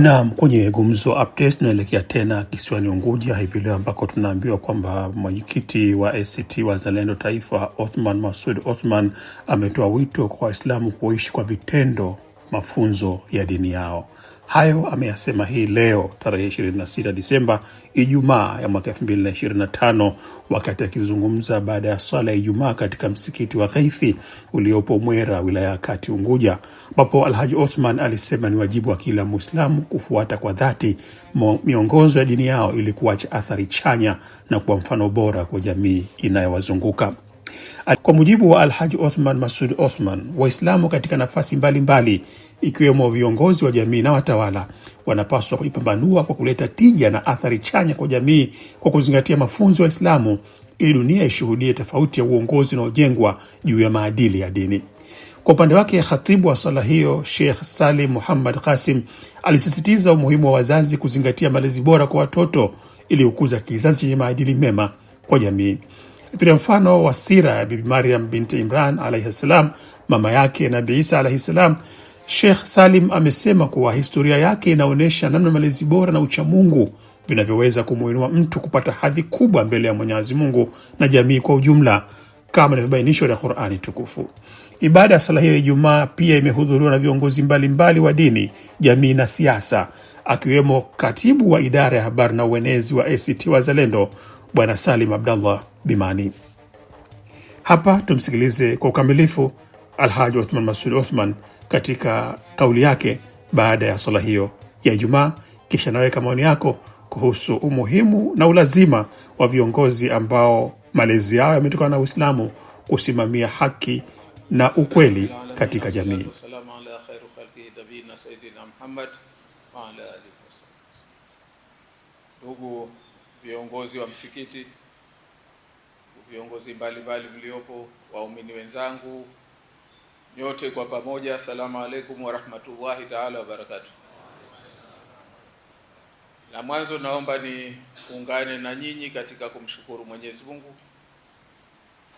Naam, kwenye Gumzo update tunaelekea tena kisiwani Unguja hivi leo ambako tunaambiwa kwamba mwenyekiti wa ACT Wazalendo Taifa Othman masud Othman ametoa wito kwa Waislamu kuishi kwa vitendo mafunzo ya dini yao. Hayo ameyasema hii leo tarehe 26 Disemba, Ijumaa ya mwaka 2025 wakati akizungumza baada ya swala ya Ijumaa katika msikiti wa Ghaithi uliopo Mwera, wilaya ya Kati, Unguja, ambapo Alhaji Othman alisema ni wajibu wa kila Mwislamu kufuata kwa dhati miongozo ya dini yao ili kuacha athari chanya na kuwa mfano bora kwa jamii inayowazunguka. Kwa mujibu wa Alhaji Othman Masud Othman, Waislamu katika nafasi mbalimbali mbali, ikiwemo viongozi wa jamii na watawala, wanapaswa kuipambanua kwa kuleta tija na athari chanya kwa jamii kwa kuzingatia mafunzo ya Islamu ili dunia ishuhudie tofauti ya uongozi unaojengwa juu ya maadili ya dini. Kwa upande wake khatibu wa sala hiyo Sheikh Salim Muhammad kasim alisisitiza umuhimu wa wazazi kuzingatia malezi bora kwa watoto ili kukuza kizazi chenye maadili mema kwa jamii. Tulia mfano wa sira ya Bibi mariam binti Imran alaihi ssalam, mama yake Nabi Isa alaihi ssalam Sheikh Salim amesema kuwa historia yake inaonyesha namna malezi bora na uchamungu vinavyoweza kumuinua mtu kupata hadhi kubwa mbele ya Mwenyezi Mungu na jamii kwa ujumla kama ilivyobainishwa na Qur'ani tukufu. Ibada ya sala hiyo ya Ijumaa pia imehudhuriwa na viongozi mbalimbali wa dini, jamii na siasa, akiwemo katibu wa idara ya habari na uenezi wa ACT Wazalendo Bwana Salim Abdallah Bimani. Hapa tumsikilize kwa ukamilifu. Alhaji uthman Masud uthman katika kauli yake baada ya swala hiyo ya Ijumaa. Kisha naweka maoni yako kuhusu umuhimu na ulazima wa viongozi ambao malezi yao yametokana na Uislamu kusimamia haki na ukweli katika jamii. Ndugu viongozi wa msikiti, viongozi mbalimbali mliopo, waumini wenzangu nyote kwa pamoja, assalamu alaikum warahmatullahi taala wabarakatu. Na mwanzo naomba niungane na nyinyi katika kumshukuru Mwenyezi Mungu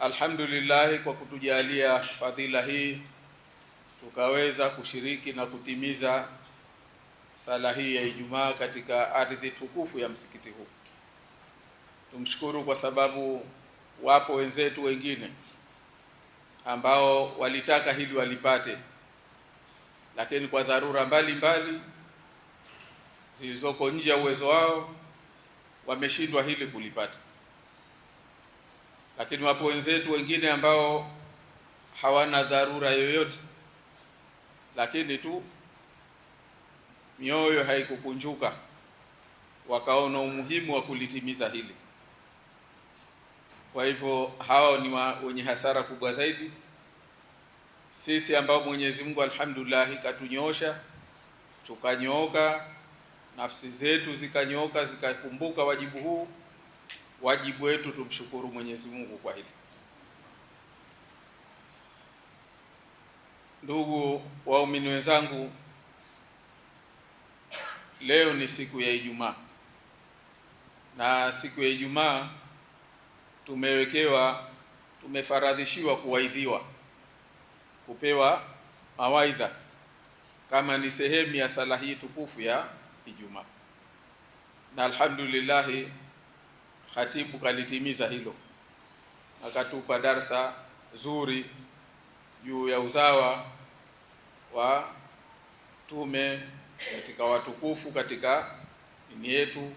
alhamdulillahi kwa kutujalia fadhila hii tukaweza kushiriki na kutimiza sala hii ya Ijumaa katika ardhi tukufu ya msikiti huu. Tumshukuru kwa sababu wapo wenzetu wengine ambao walitaka hili walipate, lakini kwa dharura mbalimbali zilizoko nje ya uwezo wao wameshindwa hili kulipata. Lakini wapo wenzetu wengine ambao hawana dharura yoyote, lakini tu mioyo haikukunjuka, wakaona umuhimu wa kulitimiza hili. Kwa hivyo hao ni wenye hasara kubwa zaidi. Sisi ambao Mwenyezi Mungu alhamdulillah katunyosha tukanyooka, nafsi zetu zikanyooka zikakumbuka wajibu huu, wajibu wetu tumshukuru Mwenyezi Mungu kwa hili. Ndugu waumini wenzangu, leo ni siku ya Ijumaa na siku ya Ijumaa tumewekewa tumefaradhishiwa kuwaidhiwa, kupewa mawaidha kama ni sehemu ya sala hii tukufu ya Ijumaa, na alhamdulillah khatibu kalitimiza hilo, akatupa darsa zuri juu ya uzawa wa tume katika watukufu katika dini yetu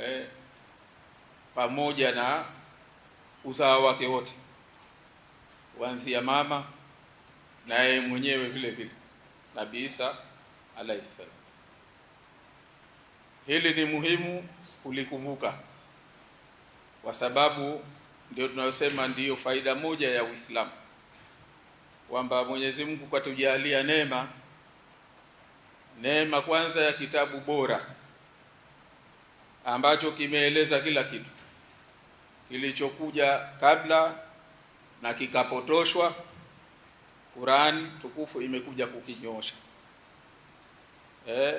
eh pamoja na uzao wake wote, kuanzia mama na yeye mwenyewe vile vile Nabii Isa alaihi salam. Hili ni muhimu kulikumbuka kwa sababu ndio tunayosema ndiyo faida moja ya Uislamu kwamba Mwenyezi Mungu katujalia neema, neema kwanza ya kitabu bora ambacho kimeeleza kila kitu kilichokuja kabla na kikapotoshwa, Qur'an tukufu imekuja kukinyosha eh,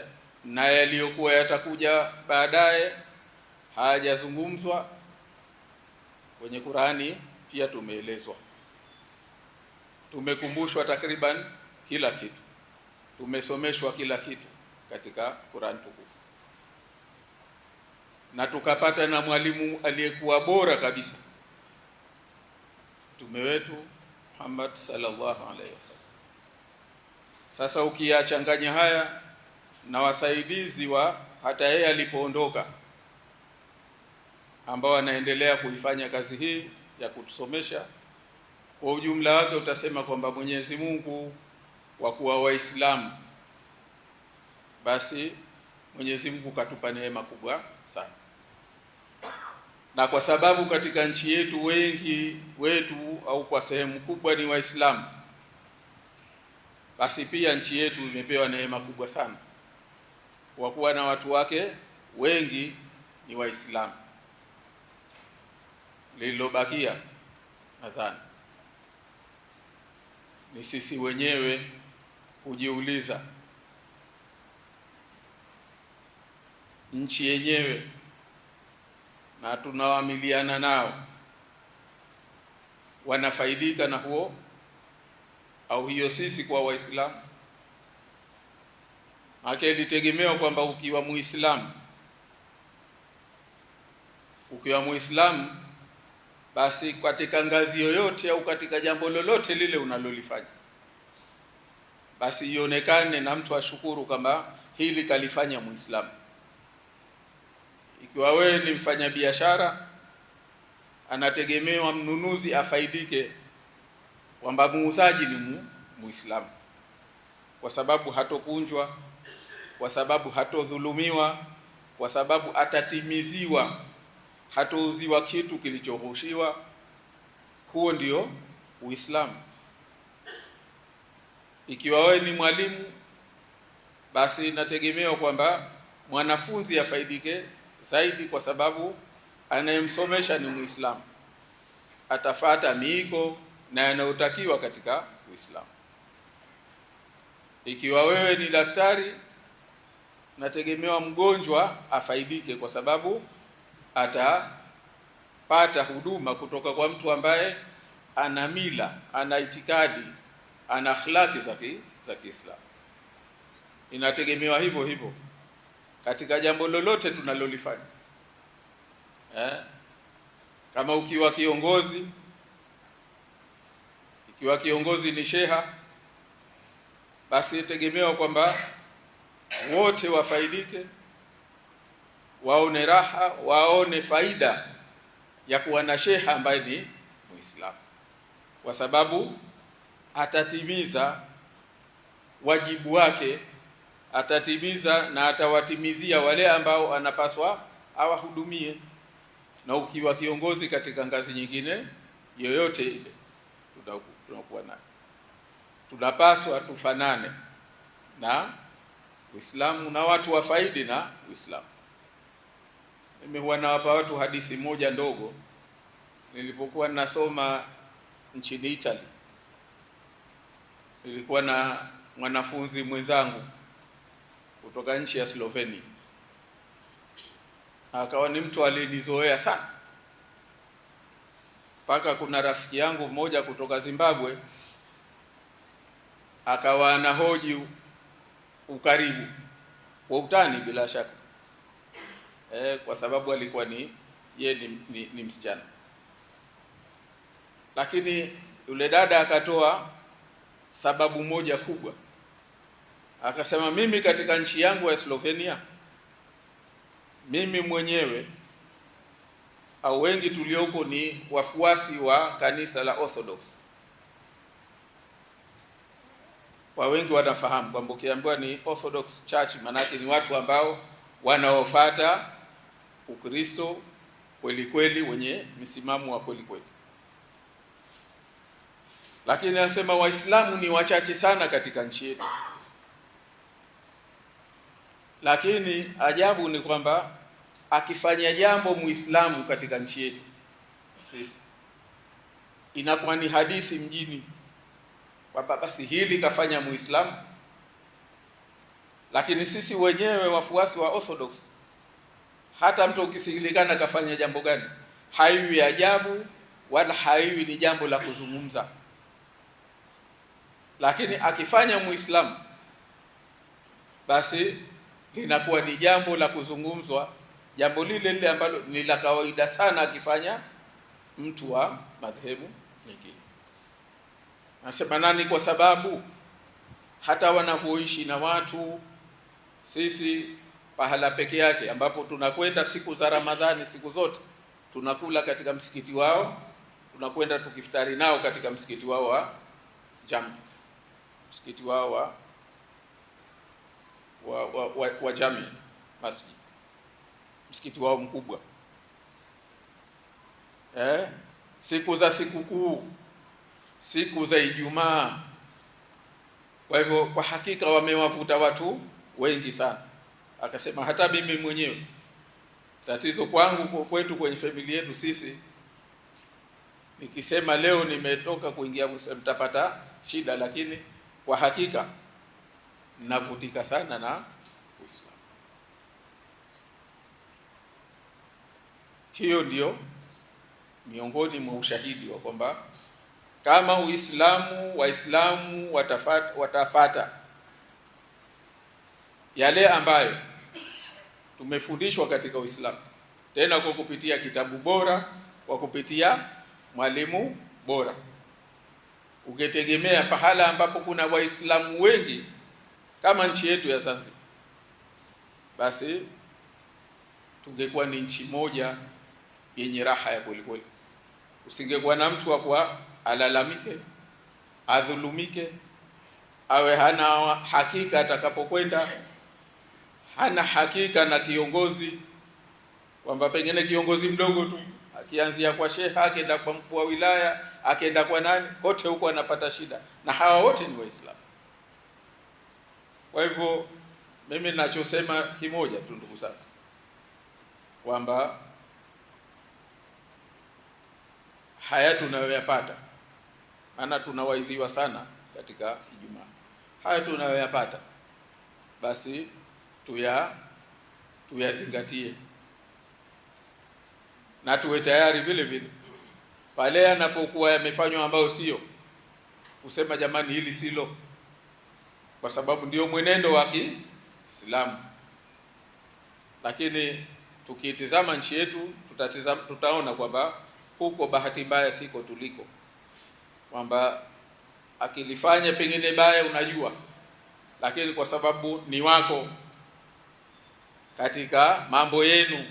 na yaliyokuwa yatakuja baadaye hayajazungumzwa kwenye Qur'ani, pia tumeelezwa, tumekumbushwa takriban kila kitu, tumesomeshwa kila kitu katika Qur'an tukufu na tukapata na mwalimu aliyekuwa bora kabisa, mtume wetu Muhammad sallallahu alaihi wasallam. Sasa ukiyachanganya haya na wasaidizi wa hata yeye alipoondoka, ambao anaendelea kuifanya kazi hii ya kutusomesha, kwa ujumla wake utasema kwamba Mwenyezi Mungu wa kuwa Waislamu, basi Mwenyezi Mungu katupa neema kubwa sana na kwa sababu katika nchi yetu wengi wetu au kwa sehemu kubwa ni Waislamu, basi pia nchi yetu imepewa neema kubwa sana kwa kuwa na watu wake wengi ni Waislamu. Lililobakia nadhani ni sisi wenyewe kujiuliza nchi yenyewe na tunawamiliana nao, wanafaidika na huo au hiyo. Sisi kwa Waislamu maake ilitegemewa kwamba ukiwa Muislamu, ukiwa Muislamu basi katika ngazi yoyote au katika jambo lolote lile unalolifanya, basi ionekane na mtu ashukuru kwamba hili kalifanya Muislamu. Ikiwa wewe ni mfanyabiashara, anategemewa mnunuzi afaidike kwamba muuzaji ni Muislamu, kwa sababu hatopunjwa, kwa sababu hatodhulumiwa, kwa sababu atatimiziwa, hatouziwa kitu kilichoghushiwa. Huo ndio Uislamu. Ikiwa wewe ni mwalimu, basi nategemewa kwamba mwanafunzi afaidike zaidi, kwa sababu anayemsomesha ni Muislamu, atafata miiko na yanayotakiwa katika Uislamu. Ikiwa wewe ni daktari, nategemewa mgonjwa afaidike, kwa sababu atapata huduma kutoka kwa mtu ambaye ana mila, ana itikadi, ana akhlaki za Kiislamu. Inategemewa hivyo hivyo katika jambo lolote tunalolifanya eh? Kama ukiwa kiongozi, ikiwa kiongozi ni sheha, basi tegemewa kwamba wote wafaidike, waone raha, waone faida ya kuwa na sheha ambaye ni Muislamu, kwa sababu atatimiza wajibu wake atatimiza na atawatimizia wale ambao anapaswa awahudumie, na ukiwa kiongozi katika ngazi nyingine yoyote ile tunakuwa nayo, tunapaswa tufanane na Uislamu na watu wafaidi na Uislamu. Mimi huwa nawapa watu hadithi moja ndogo. Nilipokuwa nasoma nchini Italy, nilikuwa na mwanafunzi mwenzangu kutoka nchi ya Slovenia. Akawa ni mtu alinizoea sana, mpaka kuna rafiki yangu mmoja kutoka Zimbabwe akawa anahoji ukaribu wa utani bila shaka e, kwa sababu alikuwa ni ye ni, ni, ni msichana, lakini yule dada akatoa sababu moja kubwa Akasema mimi katika nchi yangu ya Slovenia, mimi mwenyewe au wengi tulioko ni wafuasi wa kanisa la Orthodox. Kwa wengi wanafahamu kwamba ukiambiwa ni Orthodox Church, maanake ni watu ambao wanaofuata Ukristo kweli kweli, wenye msimamo wa kweli kweli. Lakini anasema Waislamu ni wachache sana katika nchi yetu. Lakini ajabu ni kwamba akifanya jambo Muislamu katika nchi yetu sisi inakuwa ni hadithi mjini kwamba basi hili kafanya Muislamu, lakini sisi wenyewe wafuasi wa Orthodox, hata mtu ukisikilikana kafanya jambo gani, haiwi ajabu wala haiwi ni jambo la kuzungumza. Lakini akifanya Muislamu basi linakuwa ni jambo la kuzungumzwa, jambo lile lile ambalo ni la kawaida sana akifanya mtu wa madhehebu nyingine. Anasema nani? Kwa sababu hata wanavyoishi na watu, sisi pahala peke yake ambapo tunakwenda siku za Ramadhani, siku zote tunakula katika msikiti wao, tunakwenda tukiftari nao katika msikiti wao wa Jam, msikiti wao wa wa, wa, wa, wa Jami Masjid, msikiti wao mkubwa eh? siku za sikukuu, siku za Ijumaa. Kwa hivyo kwa hakika wamewavuta watu wengi sana. Akasema hata mimi mwenyewe tatizo kwangu kwetu kwenye familia yetu sisi, nikisema leo nimetoka kuingia mtapata shida, lakini kwa hakika navutika sana na Uislamu. Hiyo ndio miongoni mwa ushahidi wa kwamba kama Uislamu Waislamu watafata, watafata yale ambayo tumefundishwa katika Uislamu, tena kwa kupitia kitabu bora, kwa kupitia mwalimu bora, ukitegemea pahala ambapo kuna Waislamu wengi kama nchi yetu ya Zanzibar, basi tungekuwa ni nchi moja yenye raha ya kweli kweli, usingekuwa na mtu akwa alalamike, adhulumike, awe hana hakika atakapokwenda, hana hakika na kiongozi kwamba pengine kiongozi mdogo tu akianzia kwa sheha akienda kwa mkuu wa wilaya akienda kwa nani, kote huko anapata shida, na hawa wote ni Waislamu. Kwa hivyo mimi ninachosema kimoja tu, ndugu zangu, kwamba haya tunayoyapata, maana tunawaidhiwa sana katika Ijumaa, haya tunayoyapata basi tuya tuyazingatie na tuwe tayari vile vile pale yanapokuwa yamefanywa ambayo sio kusema jamani, hili silo kwa sababu ndio mwenendo wa Kiislamu. Lakini tukiitizama nchi yetu tutatizama, tutaona kwamba huko bahati mbaya siko tuliko, kwamba akilifanya pengine baya unajua, lakini kwa sababu ni wako katika mambo yenu,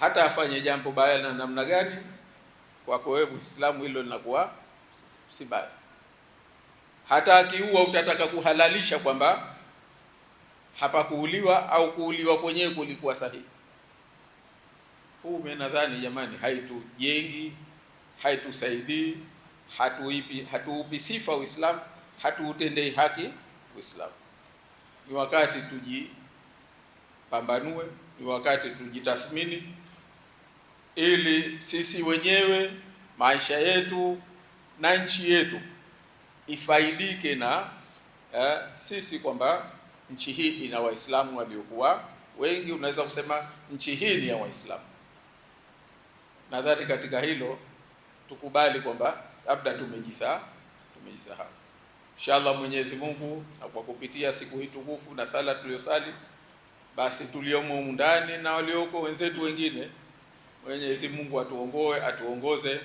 hata afanye jambo baya na namna gani, kwako wewe Muislamu hilo linakuwa si baya hata akiua utataka kuhalalisha kwamba hapakuuliwa au kuuliwa kwenyewe kulikuwa sahihi. Huu nadhani jamani, haitujengi, haitusaidii, hatuipi, hatuupi sifa Uislamu, hatuutendei haki Uislamu. Ni wakati tujipambanue, ni wakati tujitathmini, ili sisi wenyewe maisha yetu na nchi yetu ifaidike na eh, sisi kwamba nchi hii ina Waislamu waliokuwa wengi, unaweza kusema nchi hii ni ya Waislamu. Nadhani katika hilo tukubali kwamba labda tumejisahau, tumejisahau. Inshallah Mwenyezi Mungu na kwa kupitia siku hii tukufu na sala tuliyosali, basi tuliomo ndani na walioko wenzetu wengine, Mwenyezi Mungu atuongoe, atuongoze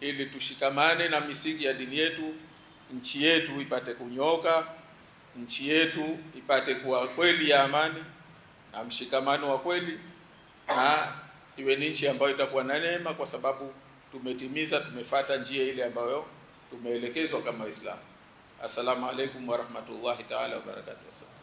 ili tushikamane na misingi ya dini yetu nchi yetu ipate kunyoka, nchi yetu ipate kuwa kweli ya amani na mshikamano wa kweli, na iwe ni nchi ambayo itakuwa na neema, kwa sababu tumetimiza, tumefata njia ile ambayo tumeelekezwa kama Waislamu. Assalamu alaikum warahmatullahi taala wabarakatuh.